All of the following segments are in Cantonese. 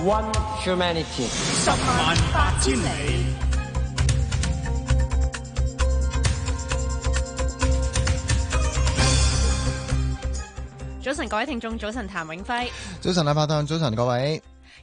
One humanity。十萬八千里。早晨，各位聽眾，早晨，譚永輝。早晨，禮拜堂，早晨，各位。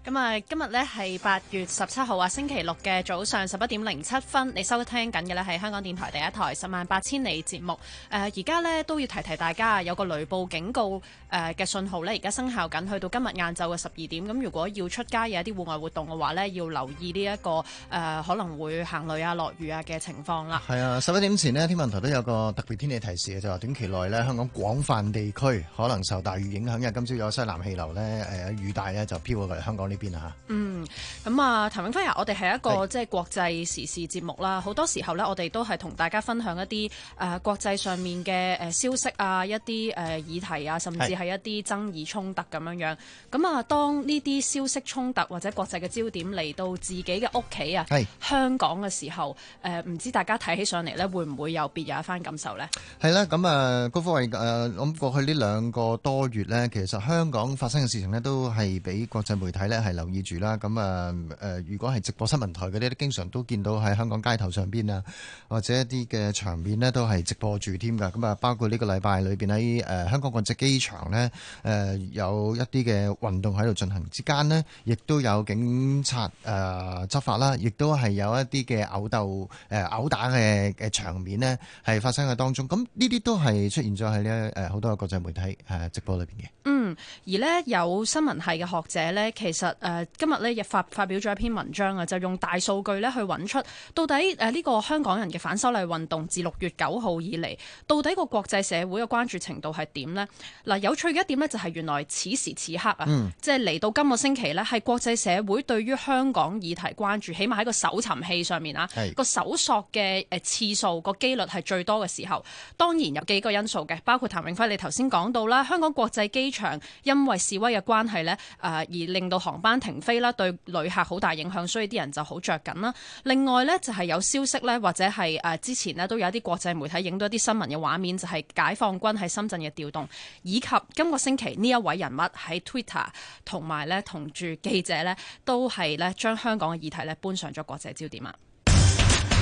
咁啊，今日咧係八月十七號啊，星期六嘅早上十一點零七分，你收聽緊嘅係香港電台第一台《十萬八千里》節目。誒、呃，而家咧都要提提大家有個雷暴警告誒嘅信號咧，而家生效緊，去到今日晏晝嘅十二點。咁如果要出街有一啲戶外活動嘅話咧，要留意呢、這、一個、呃、可能會行雷啊、落雨啊嘅情況啦。係啊，十一點前呢，天文台都有個特別天氣提示嘅，就話短期內咧，香港廣泛地區可能受大雨影響，因為今朝有西南氣流呢誒雨帶咧就飄過嚟香港呢。邊啊？嗯，咁啊，譚永輝啊，我哋係一個是即係國際時事節目啦。好多時候呢，我哋都係同大家分享一啲誒、呃、國際上面嘅誒消息啊，一啲誒、呃、議題啊，甚至係一啲爭議衝突咁樣是樣。咁啊，當呢啲消息衝突或者國際嘅焦點嚟到自己嘅屋企啊，係是香港嘅時候，誒、呃、唔知大家睇起上嚟呢會唔會有別有一番感受呢？係啦，咁啊，高科偉誒，我、呃、諗過去呢兩個多月呢，其實香港發生嘅事情呢，都係俾國際媒體呢。係留意住啦，咁啊誒，如果係直播新聞台嗰啲，都經常都見到喺香港街頭上邊啊，或者一啲嘅場面呢，都係直播住添噶。咁啊，包括呢個禮拜裏邊喺誒香港國際機場呢，誒有一啲嘅運動喺度進行之間，之間呢，亦都有警察誒執法啦，亦都係有一啲嘅毆鬥誒毆打嘅嘅場面呢，係發生喺當中。咁呢啲都係出現咗喺呢誒好多嘅國際媒體誒直播裏邊嘅。嗯、而呢，有新聞系嘅學者呢，其實誒今日呢亦發發表咗一篇文章啊，就用大數據呢去揾出到底呢個香港人嘅反修例運動自六月九號以嚟，到底個國際社會嘅關注程度係點呢？嗱，有趣嘅一點呢，就係原來此時此刻啊，嗯、即係嚟到今個星期呢，係國際社會對於香港議題關注，起碼喺個搜尋器上面啊，個搜是索嘅誒次數個幾率係最多嘅時候。當然有幾個因素嘅，包括譚永輝你頭先講到啦，香港國際機場。因為示威嘅關係呢，誒而令到航班停飛啦，對旅客好大影響，所以啲人就好着緊啦。另外呢，就係有消息呢，或者係誒之前呢，都有一啲國際媒體影到一啲新聞嘅畫面，就係解放軍喺深圳嘅調動，以及今個星期呢一位人物喺 Twitter 同埋呢同住記者呢，都係呢將香港嘅議題呢搬上咗國際焦點啊！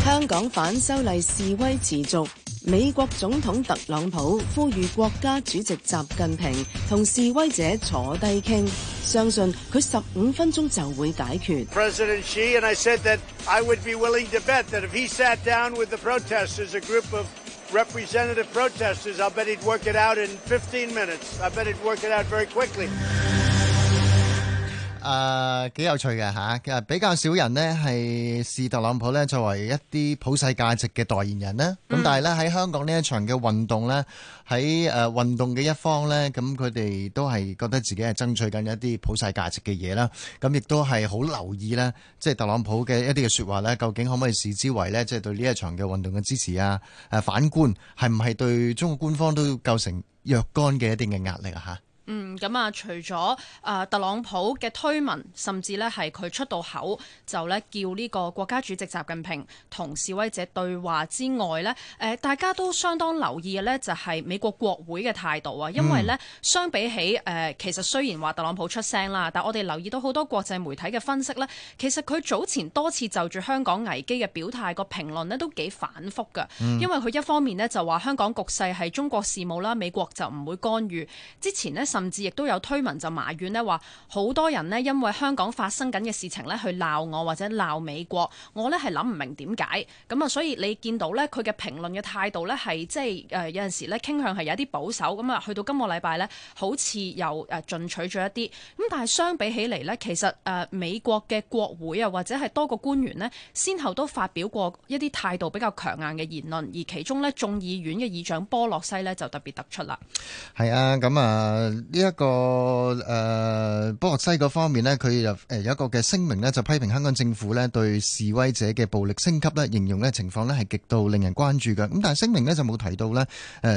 香港反修例示威持續。美國總統特朗普呼籲國家主席習近平同示威者坐低傾，相信佢十五分鐘就會解決。誒，幾、呃、有趣嘅吓，佢比較少人呢，係視特朗普咧作為一啲普世價值嘅代言人咧。咁、嗯、但係呢，喺香港呢一場嘅運動呢，喺誒運動嘅一方呢，咁佢哋都係覺得自己係爭取緊一啲普世價值嘅嘢啦。咁亦都係好留意呢，即係特朗普嘅一啲嘅說話呢，究竟可唔可以視之為呢？即係對呢一場嘅運動嘅支持啊？誒，反觀係唔係對中國官方都構成若干嘅一定嘅壓力啊？吓。嗯，咁、嗯、啊，除咗、呃、特朗普嘅推文，甚至咧係佢出到口就咧叫呢個國家主席習近平同示威者對話之外咧、呃，大家都相當留意嘅咧就係美國國會嘅態度啊，因為咧、嗯、相比起誒、呃，其實雖然話特朗普出聲啦，但我哋留意到好多國際媒體嘅分析咧，其實佢早前多次就住香港危機嘅表態個評論咧都幾反覆㗎，嗯、因為佢一方面咧就話香港局勢係中國事務啦，美國就唔會干預之前咧。甚至亦都有推文就埋怨呢，話好多人呢，因為香港發生緊嘅事情呢，去鬧我或者鬧美國。我呢，係諗唔明點解。咁啊，所以你見到呢，佢嘅評論嘅態度呢，係即係誒，有陣時呢傾向係有啲保守。咁啊，去到今個禮拜呢，好似又誒進取咗一啲。咁但係相比起嚟呢，其實誒美國嘅國會啊，或者係多個官員呢，先後都發表過一啲態度比較強硬嘅言論。而其中呢，眾議院嘅議長波洛西呢，就特別突出啦。係啊，咁啊。呢一、這個誒、呃、波洛西嗰方面呢，佢有一個嘅聲明呢，就批評香港政府呢對示威者嘅暴力升級呢，形容呢情況呢係極度令人關注嘅。咁但係聲明呢，就冇提到呢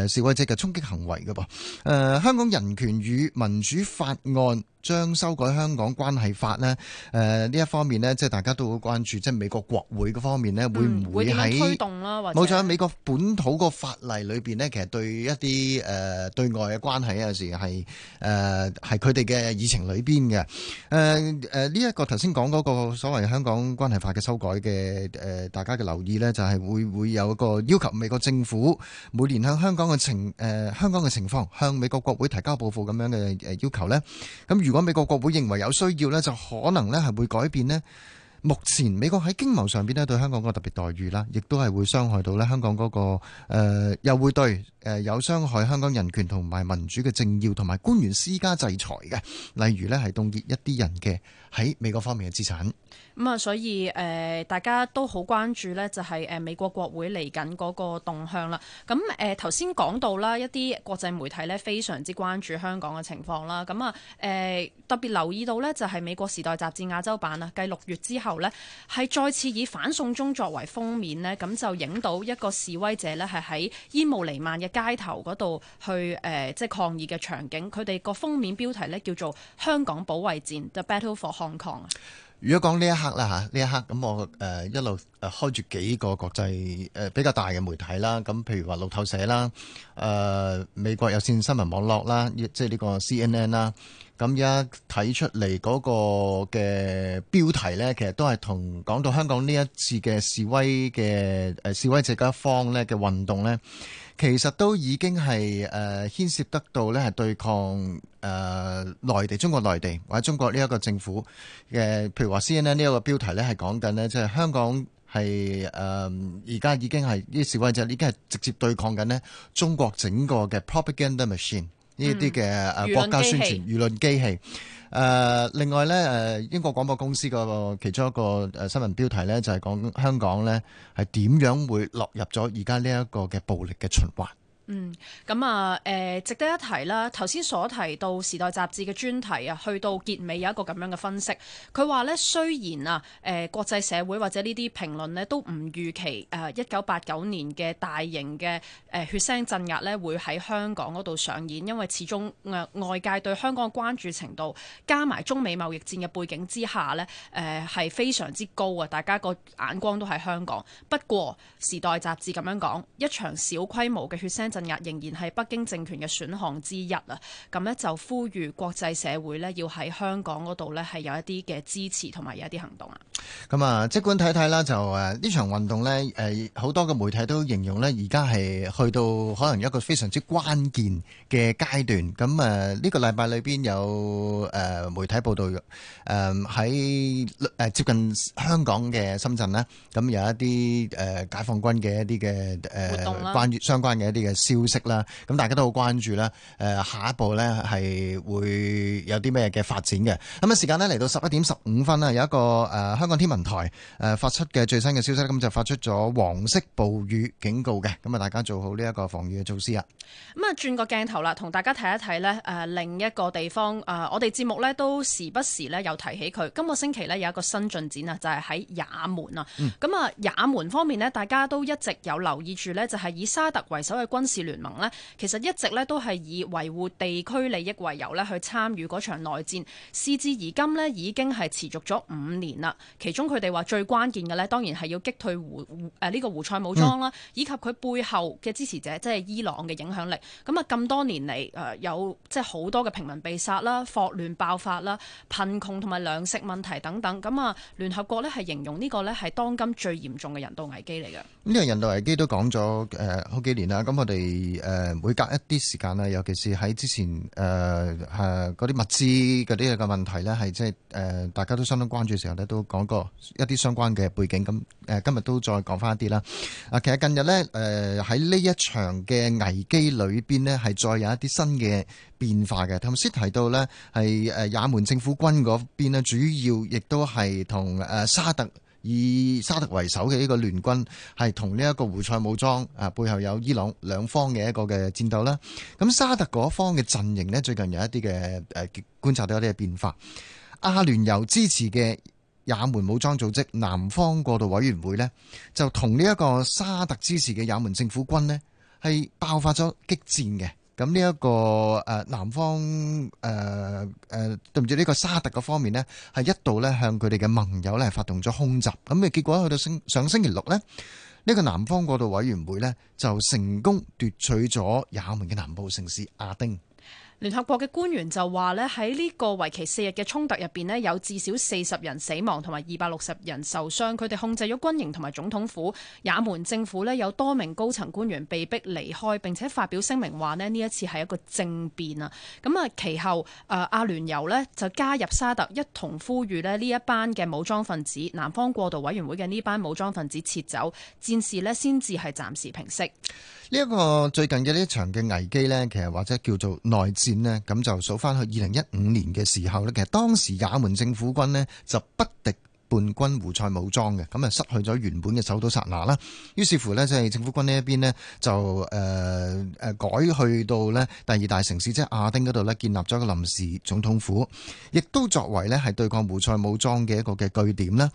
示威者嘅衝擊行為嘅噃、呃。香港人權與民主法案。將修改香港關係法呢，誒呢、呃、一方面呢，即係大家都好關注，即係美國國會嘅方面呢，會唔會喺冇錯，嗯、會動美國本土個法例裏面呢？其實對一啲誒、呃、對外嘅關係有時係誒係佢哋嘅議程裏邊嘅。誒誒呢一個頭先講嗰個所謂香港關係法嘅修改嘅誒、呃，大家嘅留意呢，就係、是、會唔會有一個要求美國政府每年向香港嘅情誒、呃、香港嘅情況向美國國會提交報告咁樣嘅要求呢？咁、嗯如果美國國會認為有需要咧，就可能咧係會改變咧。目前美國喺經貿上邊咧對香港嗰個特別待遇啦，亦都係會傷害到咧香港嗰、那個、呃、又會對誒、呃、有傷害香港人權同埋民主嘅政要同埋官員施加制裁嘅，例如咧係凍結一啲人嘅喺美國方面嘅資產。咁啊、嗯，所以誒、呃，大家都好關注呢，就係誒美國國會嚟緊嗰個動向啦。咁誒頭先講到啦，一啲國際媒體呢，非常之關注香港嘅情況啦。咁啊誒特別留意到呢，就係美國時代雜誌亞洲版啊，繼六月之後。咧係再次以反送中作為封面咧，咁就影到一個示威者咧係喺煙霧瀰漫嘅街頭嗰度去誒，即係抗議嘅場景。佢哋個封面標題咧叫做《香港保衛戰》The Battle for Hong Kong 啊！如果講呢一刻啦嚇，呢一刻咁我誒一路誒開住幾個國際誒比較大嘅媒體啦，咁譬如話路透社啦、誒美國有線新聞網絡啦，即係呢個 CNN 啦。咁而家睇出嚟嗰個嘅標題咧，其實都係同講到香港呢一次嘅示威嘅示威者一方咧嘅運動咧，其實都已經係誒牽涉得到咧，係對抗誒內地中國內地或者中國呢一個政府嘅。譬如話 CNN 呢一個標題咧係講緊呢，即係香港係誒而家已經係啲示威者已經係直接對抗緊呢中國整個嘅 propaganda machine。呢啲嘅誒國家宣傳輿論機器。誒、呃、另外咧，誒、呃、英國廣播公司個其中一個誒新聞標題咧，就係、是、講香港咧係點樣會落入咗而家呢一個嘅暴力嘅循環。嗯咁啊，誒、嗯呃、值得一提啦。頭先所提到《時代雜誌》嘅專題啊，去到結尾有一個咁樣嘅分析。佢話呢，雖然啊，誒、呃、國際社會或者呢啲評論呢都唔預期誒一九八九年嘅大型嘅誒、呃、血腥鎮壓呢會喺香港嗰度上演，因為始終、呃、外界對香港嘅關注程度加埋中美貿易戰嘅背景之下呢，誒、呃、係非常之高啊！大家個眼光都係香港。不過《時代雜誌》咁樣講，一場小規模嘅血腥鎮壓，仍然係北京政權嘅選項之一啊！咁咧就呼籲國際社會咧，要喺香港度咧係有一啲嘅支持同埋有一啲行動啊！咁啊，即管睇睇啦，就誒呢場運動咧，誒好多嘅媒體都形容咧，而家係去到可能一個非常之關鍵嘅階段。咁啊，呢、這個禮拜裏邊有誒、呃、媒體報道誒誒喺誒接近香港嘅深圳啦，咁有一啲誒、呃、解放軍嘅一啲嘅誒關於相關嘅一啲嘅消息。識啦，咁大家都好關注咧，誒，下一步咧係會有啲咩嘅發展嘅。咁啊，時間呢，嚟到十一點十五分啦，有一個誒香港天文台誒發出嘅最新嘅消息，咁就發出咗黃色暴雨警告嘅。咁啊，大家做好呢一個防禦嘅措施啊、嗯。咁啊，轉個鏡頭啦，同大家睇一睇呢，誒，另一個地方。誒，我哋節目呢都時不時呢有提起佢。今個星期呢，有一個新進展啊，就係、是、喺也門啊。咁啊，也門方面呢，大家都一直有留意住呢，就係以沙特為首嘅軍事聯。盟咧，其實一直咧都係以維護地區利益為由咧去參與嗰場內戰，事至而今咧已經係持續咗五年啦。其中佢哋話最關鍵嘅咧，當然係要擊退胡胡誒呢個胡塞武裝啦，以及佢背後嘅支持者，即係伊朗嘅影響力。咁啊，咁多年嚟誒有即係好多嘅平民被殺啦、霍亂爆發啦、貧窮同埋糧食問題等等。咁啊，聯合國呢係形容呢個呢係當今最嚴重嘅人道危機嚟嘅。呢個人道危機都講咗誒好幾年啦。咁我哋。誒每隔一啲時間咧，尤其是喺之前誒誒嗰啲物資嗰啲嘅問題咧，係即係誒大家都相當關注嘅時候咧，都講過一啲相關嘅背景。咁誒今日都再講翻一啲啦。啊，其實近日咧誒喺呢、呃、一場嘅危機裏邊咧，係再有一啲新嘅變化嘅。頭先提到呢，係誒也門政府軍嗰邊，主要亦都係同誒沙特。以沙特為首嘅呢個聯軍係同呢一個胡塞武裝啊背後有伊朗兩方嘅一個嘅戰鬥啦，咁沙特嗰方嘅陣營咧最近有一啲嘅誒觀察到一啲嘅變化，阿聯酋支持嘅也門武裝組織南方過渡委員會咧就同呢一個沙特支持嘅也門政府軍咧係爆發咗激戰嘅。咁呢一個誒南方誒誒，對唔住，呢個沙特嗰方面咧，係一度咧向佢哋嘅盟友咧發動咗空襲，咁嘅結果去到星上星期六咧，呢個南方過渡委員會咧就成功奪取咗也門嘅南部城市亞丁。聯合國嘅官員就話呢，喺呢個為期四日嘅衝突入邊呢，有至少四十人死亡同埋二百六十人受傷。佢哋控制咗軍營同埋總統府。也門政府呢，有多名高層官員被逼離開，並且發表聲明話咧，呢一次係一個政變啊。咁啊其後，誒阿聯酋呢就加入沙特一同呼籲咧，呢一班嘅武裝分子南方過渡委員會嘅呢班武裝分子撤走，戰事呢先至係暫時平息。呢一個最近嘅呢場嘅危機呢，其實或者叫做內咁就數返去二零一五年嘅時候，其實當時也門政府軍就不敵叛軍胡塞武裝嘅，咁啊失去咗原本嘅首都薩那啦。於是乎，即係政府軍呢一邊就誒誒、呃、改去到第二大城市即係亞丁嗰度，建立咗一個臨時總統府，亦都作為咧係對抗胡塞武裝嘅一個嘅據點啦。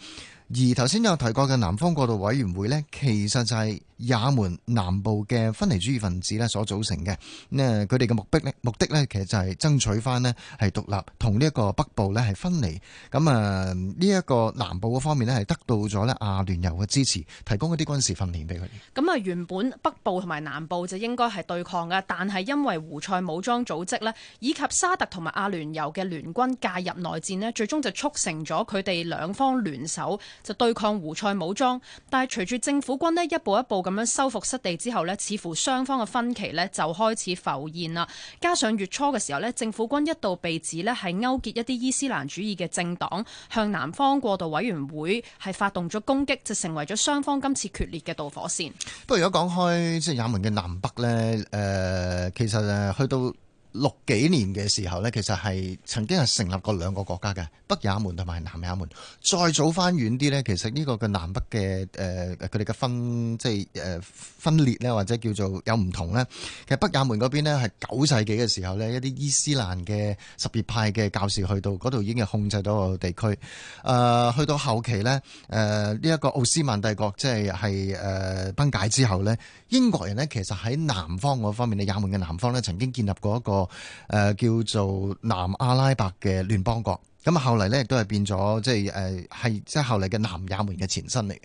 而頭先有提過嘅南方過渡委員會呢，其實就係也門南部嘅分離主義分子呢所組成嘅。咁佢哋嘅目的呢，目的呢，其實就係爭取翻呢，係獨立同呢一個北部呢，係分離。咁啊，呢一個南部嗰方面呢，係得到咗呢阿聯酋嘅支持，提供一啲軍事訓練俾佢哋。咁啊，原本北部同埋南部就應該係對抗㗎，但係因為胡塞武裝組織呢，以及沙特同埋阿聯酋嘅聯軍介入內戰呢，最終就促成咗佢哋兩方聯手。就對抗胡塞武裝，但係隨住政府軍呢一步一步咁樣收復失地之後呢，似乎雙方嘅分歧呢就開始浮現啦。加上月初嘅時候呢，政府軍一度被指呢係勾結一啲伊斯蘭主義嘅政黨，向南方過渡委員會係發動咗攻擊，就成為咗雙方今次決裂嘅導火線。不過如果講開即係也門嘅南北呢，誒、呃，其實誒去到。六幾年嘅時候呢，其實係曾經係成立過兩個國家嘅北也門同埋南也門。再早翻遠啲呢，其實呢個嘅南北嘅誒佢哋嘅分即係誒、呃、分裂咧，或者叫做有唔同呢。其實北也門嗰邊咧係九世紀嘅時候呢，一啲伊斯蘭嘅什葉派嘅教士去到嗰度已經係控制咗個地區。誒、呃、去到後期呢，誒呢一個奧斯曼帝國即係係誒崩解之後呢，英國人呢，其實喺南方嗰方面，也門嘅南方呢曾經建立過一個。誒，叫做南阿拉伯嘅聯邦國，咁啊後嚟咧都係變咗，即係誒係即係後嚟嘅南也門嘅前身嚟嘅。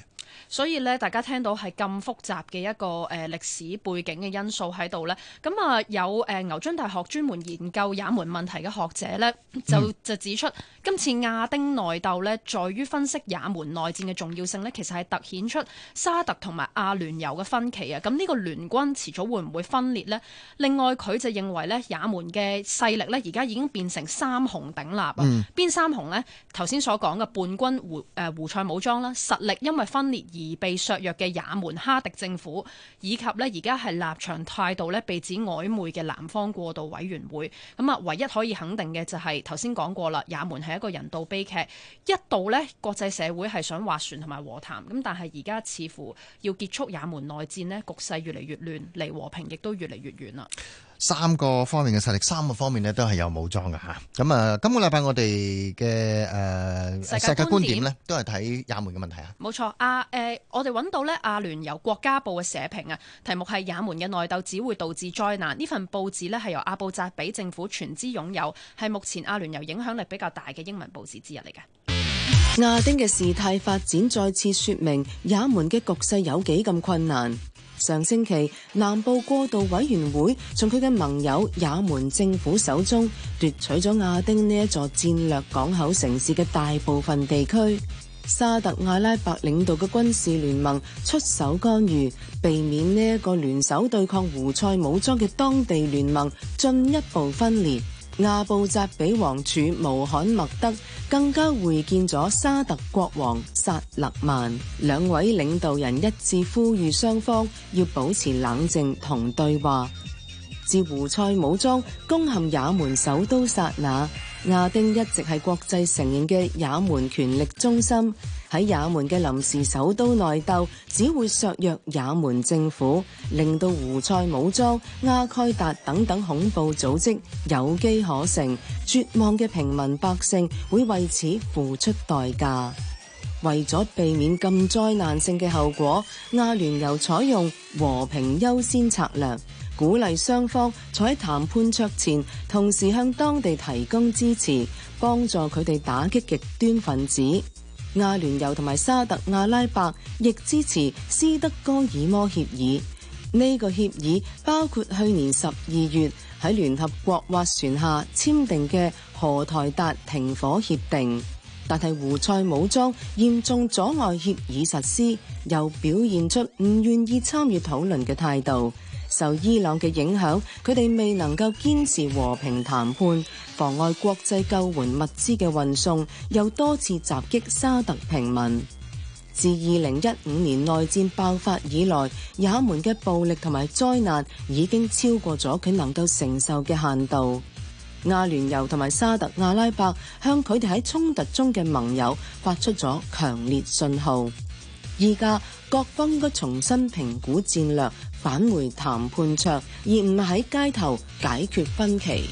所以咧，大家聽到係咁複雜嘅一個誒歷史背景嘅因素喺度呢，咁啊有誒牛津大學專門研究也門問題嘅學者呢，就就指出今次亞丁內鬥呢，在於分析也門內戰嘅重要性呢，其實係突顯出沙特同埋阿聯酋嘅分歧啊。咁呢個聯軍遲早會唔會分裂呢？另外佢就認為呢，也門嘅勢力呢，而家已經變成三雄鼎立啊。邊三雄呢？頭先所講嘅叛軍胡誒胡塞武裝啦，實力因為分裂。而被削弱嘅也門哈迪政府，以及咧而家係立場態度咧被指曖昧嘅南方過渡委員會，咁啊唯一可以肯定嘅就係頭先講過啦，也門係一個人道悲劇，一度咧國際社會係想斡旋同埋和談，咁但係而家似乎要結束也門內戰咧，局勢越嚟越亂，離和平亦都越嚟越遠啦。三個方面嘅實力，三個方面咧都係有武裝嘅嚇。咁啊，今個禮拜我哋嘅誒世界觀點咧，呃、世界觀點都係睇也門嘅問題沒錯啊。冇錯，阿誒，我哋揾到呢阿聯酋國家報嘅社評啊，題目係也門嘅內鬥只會導致災難。呢份報紙咧係由阿布扎比政府全資擁有，係目前阿聯酋影響力比較大嘅英文報紙之一嚟嘅。亞丁嘅事態發展再次説明，也門嘅局勢有幾咁困難。上星期，南部過渡委員會從佢嘅盟友也門政府手中奪取咗亞丁呢一座戰略港口城市嘅大部分地區，沙特阿拉伯領導嘅軍事聯盟出手干預，避免呢一個聯手對抗胡塞武裝嘅當地聯盟進一步分裂。阿布扎比王儲穆罕默德更加會見咗沙特國王薩勒曼，兩位領導人一致呼籲雙方要保持冷靜同對話。自胡塞武裝攻陷也門首都薩那，亞丁一直係國際承認嘅也門權力中心。喺也門嘅臨時首都，內鬥只會削弱也門政府，令到胡塞武裝、阿蓋達等等恐怖組織有機可乘。絕望嘅平民百姓會為此付出代價。為咗避免咁災難性嘅後果，阿聯酋採用和平優先策略，鼓勵雙方坐喺談判桌前同時向當地提供支持，幫助佢哋打擊極端分子。亞聯酋同埋沙特阿拉伯亦支持斯德哥爾摩協議，呢個協議包括去年十二月喺聯合國斡旋下簽訂嘅荷台達停火協定，但係胡塞武裝嚴重阻礙協議實施，又表現出唔願意參與討論嘅態度。受伊朗嘅影響，佢哋未能夠堅持和平談判，妨礙國際救援物資嘅運送，又多次襲擊沙特平民。自二零一五年內戰爆發以來，也門嘅暴力同埋災難已經超過咗佢能夠承受嘅限度。阿聯酋同埋沙特阿拉伯向佢哋喺衝突中嘅盟友發出咗強烈信號，而家各方應該重新評估戰略。返回談判桌，而唔喺街頭解決分歧。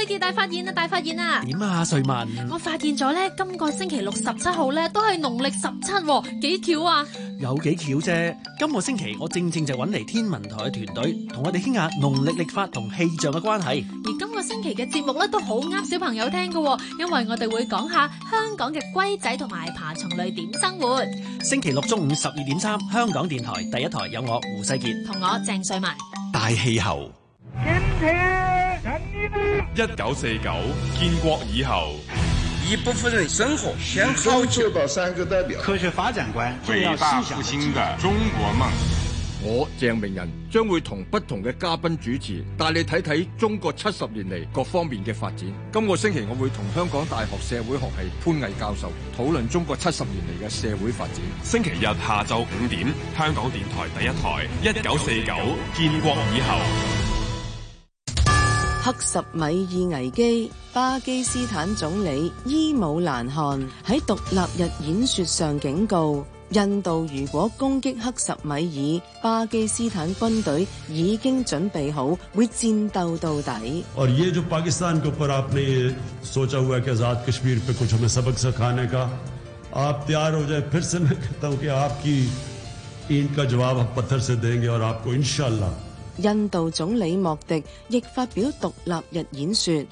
世界大發現啊！大發現啊！點啊，瑞文，我發現咗呢，今個星期六十七號呢，都係農曆十七，幾巧啊！有幾巧啫！今個星期我正正就揾嚟天文台嘅團隊，同我哋傾下農曆曆法同氣象嘅關係。而今個星期嘅節目呢都好啱小朋友聽嘅，因為我哋會講下香港嘅龜仔同埋爬蟲類點生活。星期六中午十二點三，香港電台第一台有我胡世杰同我鄭瑞文大氣候。一九四九建國以後，一部分人生活先好，就到三個代表科學發展觀，偉大復興的中國夢。我鄭明仁將會同不同嘅嘉賓主持，帶你睇睇中國七十年嚟各方面嘅發展。今個星期我會同香港大學社會學系潘毅教授討論中國七十年嚟嘅社會發展。星期日下晝五點，香港電台第一台一九四九建國以後。嗯嗯嗯黑克米爾危機，巴基斯坦總理伊姆蘭汗喺獨立日演說上警告：印度如果攻擊黑克米爾，巴基斯坦軍隊已經準備好，會戰鬥到底。而這巴基斯坦一準備好會俾你啲武印度總理莫迪亦發表獨立日演說，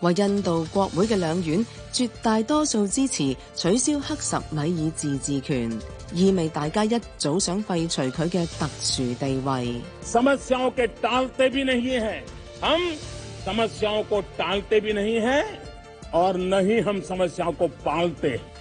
話印度國會嘅兩院絕大多數支持取消克什米爾自治權，意味大家一早想廢除佢嘅特殊地位。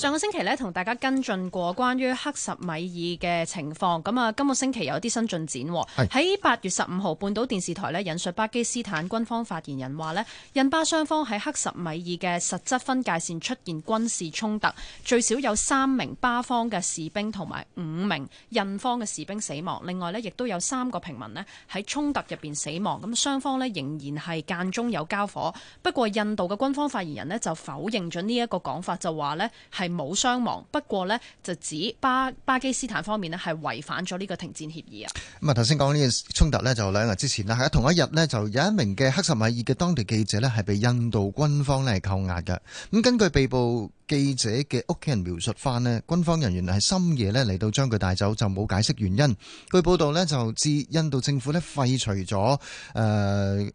上個星期呢，同大家跟進過關於克什米爾嘅情況。咁啊，今個星期有啲新進展。喺八是月十五號，半島電視台呢引述巴基斯坦軍方發言人話呢印巴雙方喺克什米爾嘅實質分界線出現軍事衝突，最少有三名巴方嘅士兵同埋五名印方嘅士兵死亡。另外呢，亦都有三個平民呢喺衝突入邊死亡。咁雙方呢仍然係間中有交火。不過印度嘅軍方發言人呢就否認咗呢一個講法，就話呢係，冇傷亡，不過呢，就指巴巴基斯坦方面呢係違反咗呢個停戰協議啊。咁啊，頭先講呢件衝突呢，就兩日之前啦，係同一日呢，就有一名嘅克什米爾嘅當地記者呢，係被印度軍方呢係扣押嘅。咁根據被捕。記者嘅屋企人描述翻呢軍方人員係深夜呢嚟到將佢帶走，就冇解釋原因。據報道呢就自印度政府呢廢除咗誒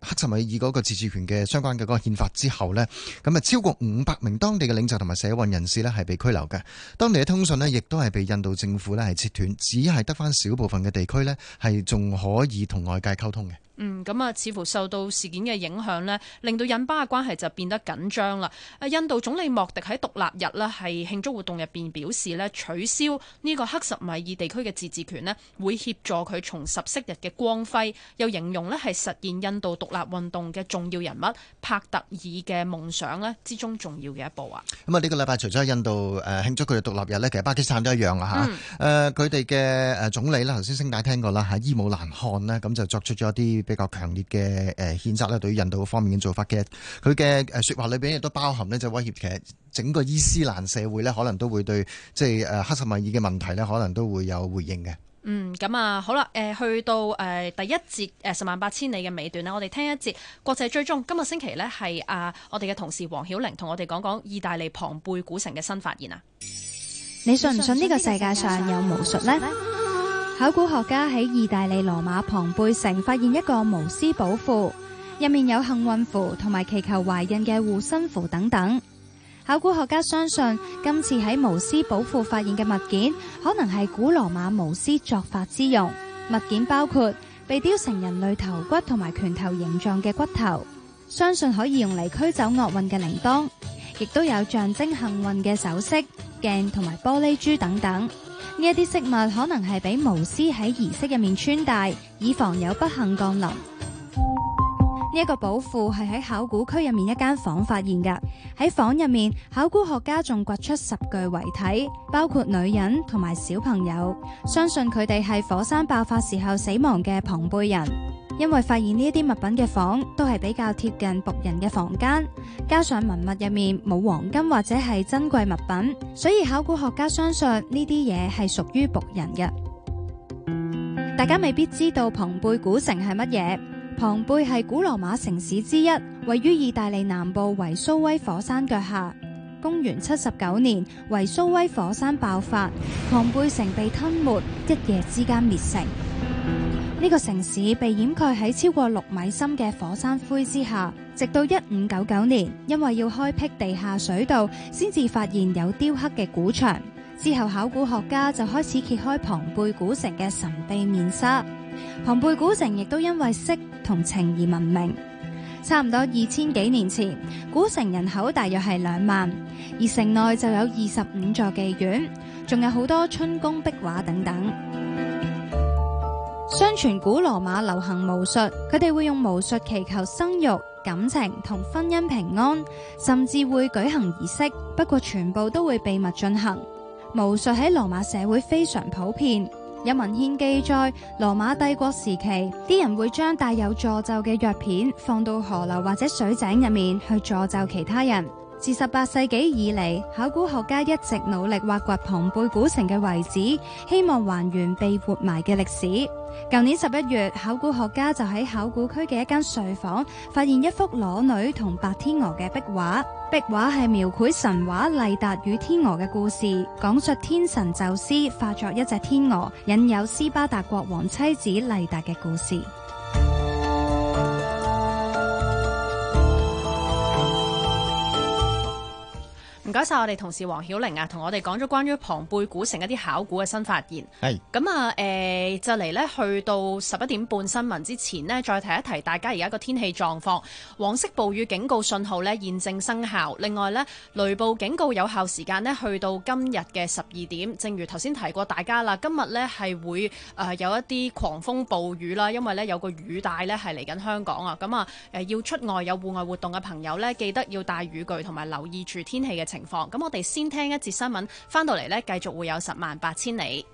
克什米爾嗰個自治權嘅相關嘅嗰個憲法之後呢，咁啊超過五百名當地嘅領袖同埋社運人士呢係被拘留嘅。當地嘅通訊呢，亦都係被印度政府呢係切斷，只係得翻少部分嘅地區呢係仲可以同外界溝通嘅。嗯，咁啊，似乎受到事件嘅影響呢令到印巴嘅關係就變得緊張啦。印度總理莫迪喺獨立日呢係慶祝活動入邊表示呢取消呢個克什米爾地區嘅自治權呢會協助佢重拾昔日嘅光輝，又形容呢係實現印度獨立運動嘅重要人物帕特爾嘅夢想呢之中重要嘅一步啊。咁啊、嗯，呢個禮拜除咗印度誒慶祝佢嘅獨立日呢，其實巴基斯坦都一樣啊吓。佢哋嘅誒總理呢，頭先星大聽過啦嚇，伊姆蘭汗呢，咁就作出咗一啲。比較強烈嘅誒譴責咧，對於印度方面嘅做法嘅，佢嘅說話裏邊亦都包含呢就威脅其實整個伊斯蘭社會呢，可能都會對即係誒克什米爾嘅問題呢，可能都會有回應嘅、嗯。嗯，咁啊，好、呃、啦，誒去到誒第一節誒十萬八千里嘅尾段呢，我哋聽一節國際追蹤。今日星期呢，係啊，我哋嘅同事黃曉玲同我哋講講意大利龐貝古城嘅新發現啊！你信唔信呢個世界上有巫術呢？信考古學家喺意大利羅馬龐貝城發現一個巫師寶庫，入面有幸運符同埋祈求懷孕嘅護身符等等。考古學家相信，今次喺巫師寶庫發現嘅物件，可能係古羅馬巫師作法之用。物件包括被雕成人類頭骨同埋拳頭形狀嘅骨頭，相信可以用嚟驅走惡運嘅鈴鐺，亦都有象徵幸運嘅首飾、鏡同埋玻璃珠等等。呢一啲飾物可能係俾巫師喺儀式入面穿戴，以防有不幸降臨。呢一個寶庫係喺考古區入面一間房發現噶。喺房入面，考古學家仲掘出十具遺體，包括女人同埋小朋友，相信佢哋係火山爆發時候死亡嘅龐貝人。因為發現呢一啲物品嘅房都係比較貼近僕人嘅房間，加上文物入面冇黃金或者係珍貴物品，所以考古學家相信呢啲嘢係屬於僕人嘅。大家未必知道龐貝古城係乜嘢。龐貝係古羅馬城市之一，位於意大利南部維蘇威火山腳下。公元七十九年，維蘇威火山爆發，龐貝城被吞沒，一夜之間滅城。呢個城市被掩蓋喺超過六米深嘅火山灰之下，直到一五九九年，因為要開闢地下水道，先至發現有雕刻嘅古牆。之後考古學家就開始揭開龐貝古城嘅神秘面紗。龐貝古城亦都因為色同情而聞名。差唔多二千幾年前，古城人口大約係兩萬，而城內就有二十五座妓院，仲有好多春宮壁畫等等。相傳古羅馬流行巫術，佢哋會用巫術祈求生育、感情同婚姻平安，甚至會舉行儀式。不過全部都會秘密進行。巫術喺羅馬社會非常普遍，有文獻記載，羅馬帝國時期啲人會將帶有詛咒嘅藥片放到河流或者水井入面去詛咒其他人。自十八世紀以嚟，考古學家一直努力挖掘龐貝古城嘅遺址，希望還原被活埋嘅歷史。舊年十一月，考古學家就喺考古區嘅一間睡房，發現一幅裸女同白天鵝嘅壁畫。壁畫係描繪神話麗達與天鵝嘅故事，講述天神宙斯化作一隻天鵝，引誘斯巴達國王妻子麗達嘅故事。唔該晒，我哋同事黃曉玲啊，同我哋講咗關於龐貝古城一啲考古嘅新發現。係咁是啊，誒、呃，就嚟咧去到十一點半新聞之前咧，再提一提大家而家個天氣狀況。黃色暴雨警告信號咧現正生效，另外咧雷暴警告有效時間咧去到今日嘅十二點。正如頭先提過大家啦，今日咧係會誒、呃、有一啲狂風暴雨啦，因為咧有個雨帶咧係嚟緊香港啊。咁啊，誒要出外有戶外活動嘅朋友咧，記得要帶雨具同埋留意住天氣嘅情況。咁我哋先聽一節新聞，翻到嚟呢，繼續會有十萬八千里。